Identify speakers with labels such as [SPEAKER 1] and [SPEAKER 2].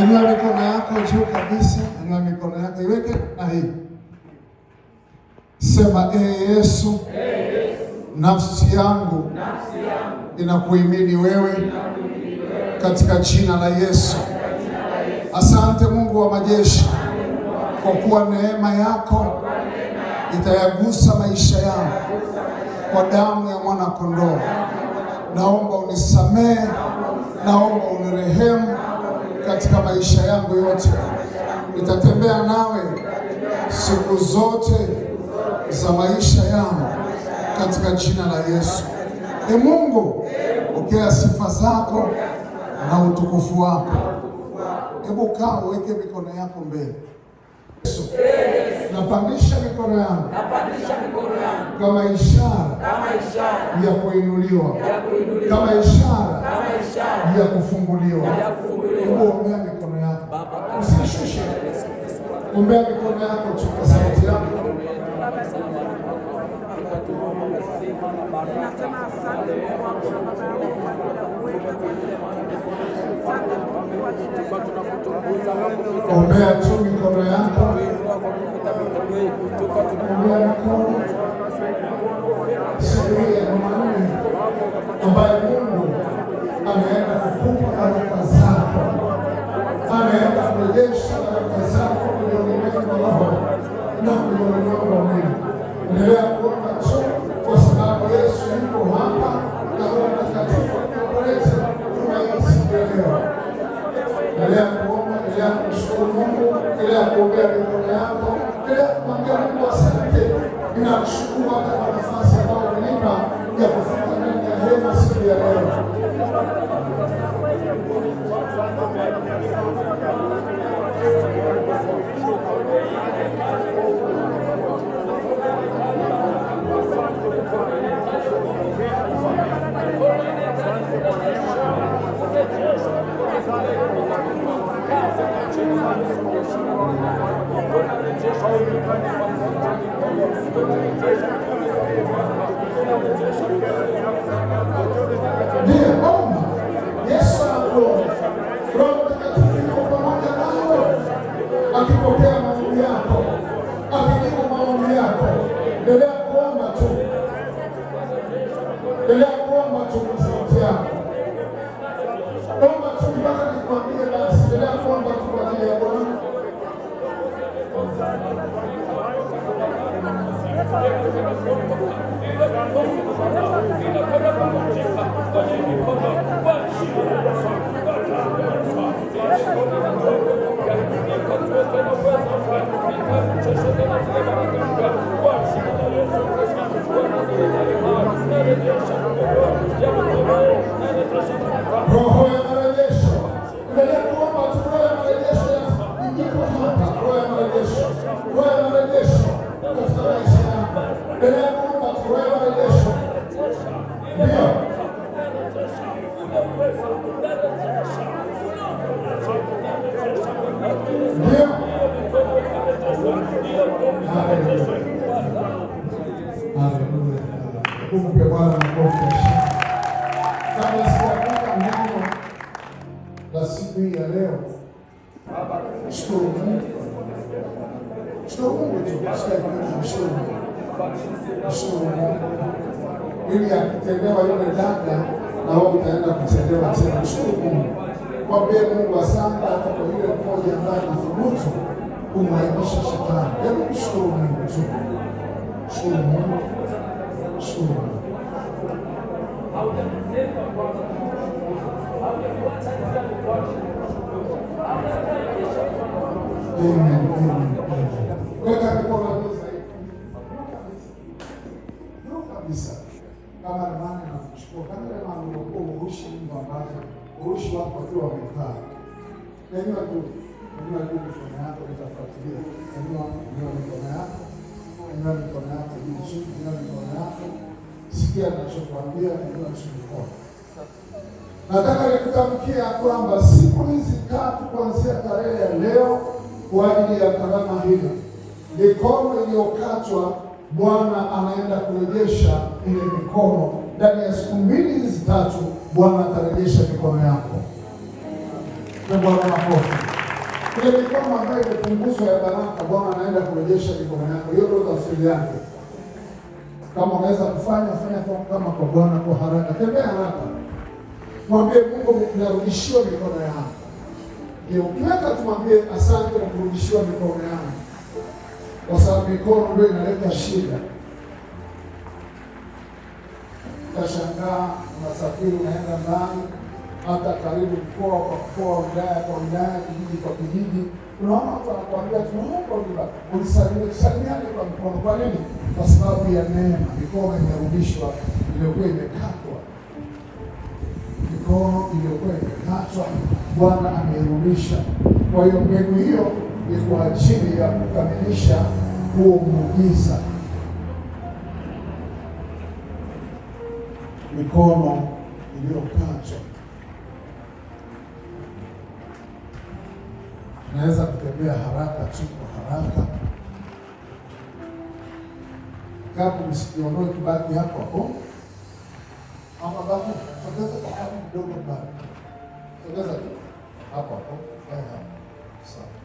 [SPEAKER 1] Inua mikono yako juu kabisa, inua mikono yako iweke na hii sema, ee Yesu, nafsi yangu inakuhimidi wewe katika jina la Yesu. Asante Mungu wa majeshi kwa kuwa neema yako itayagusa maisha yangu kwa damu ya mwana kondoo. Naomba unisamehe,
[SPEAKER 2] naomba unirehemu
[SPEAKER 1] katika maisha yangu yote.
[SPEAKER 2] Nitatembea nawe siku
[SPEAKER 1] zote
[SPEAKER 2] za maisha yangu katika jina
[SPEAKER 1] la Yesu. E Mungu,
[SPEAKER 2] pokea sifa
[SPEAKER 1] zako
[SPEAKER 2] na utukufu wako. Hebu kaa
[SPEAKER 1] uweke mikono yako mbele. Yesu, napandisha mikono yangu kama ishara ya kuinuliwa, kama ishara
[SPEAKER 2] ya kufunguliwa
[SPEAKER 1] ombea mikono yako, chukua sauti yako. Ombea tu mikono yako, ombea mikono, sukuria mwanaume na kuondolewa kwa mwili. Endelea kuomba tu, kwa sababu Yesu yuko hapa na Roho Mtakatifu anakueleza tumaisielewa. Endelea kuomba, endelea kumshukuru Mungu, endelea kuombea mikono yako, endelea kumwambia Mungu asante, ninakushukuru hata Thank you. Thank you. siku hii ya leo. Shukuru Mungu, shukuru Mungu mshukuru Mungu ili akitendewa yule dada na wewe utaenda kutendewa tena. Mshukuru Mungu, mwambie Mungu asante hata kwa yule mmoja ambaye anathubutu kumwaibisha Shetani. Hebu mshukuru Mungu tu, mshukuru Mungu, mshukuru Mungu. Weka mikono juu kabisa. Kameramani anakuchukua, kameramani unakuwa urushi Mungu ambaye urushi wako wakiwa wamekaa. Nyanyua juu, nyanyua juu mikono yako itafuatilia. Nyanyua mikono yako, nyanyua mikono yako juu juu, nyanyua mikono yako. Sikia ninachokuambia, nyanyua juu mikono. Nataka nikutamkia kwamba siku hizi tatu kuanzia tarehe ya leo kwa ajili ya karama hiyo. Mikono iliyokatwa Bwana anaenda kurejesha ile mikono ndani ya siku mbili hizi tatu, Bwana atarejesha mikono yako. Bwana makofi. Ile mikono ambayo imepunguzwa ya baraka, Bwana anaenda kurejesha mikono yako. Hiyo ndio tafsiri yake. Kama unaweza kufanya fanya kama kwa Bwana kwa haraka, tembea haraka, mwambie Mungu, narudishiwa mikono yako. Geukiweka tumwambie asante na kurudishiwa mikono yangu, kwa sababu mikono ndio inaleta shida. Utashangaa unasafiri unaenda ndani, hata karibu mkoa kwa mkoa, wilaya kwa wilaya, kijiji kwa kijiji, unaona mtu anakuambia tunaomba ulisalimia, tusalimiane kwa mkono. Kwa nini? Kwa sababu ya neema, mikono imerudishwa iliyokuwa imekatwa mikono iliyokuwa imekatwa, Bwana ameirudisha. Kwa hiyo mbegu hiyo ni kwa ajili ya kukamilisha huo muujiza. Mikono iliyokatwa naweza kutembea haraka tu kwa haraka, kabla msikiondoe, kibaki hapo hapo. Mama babu, sogeza kitabu kidogo mbali. Sogeza Hapo hapo. Sawa.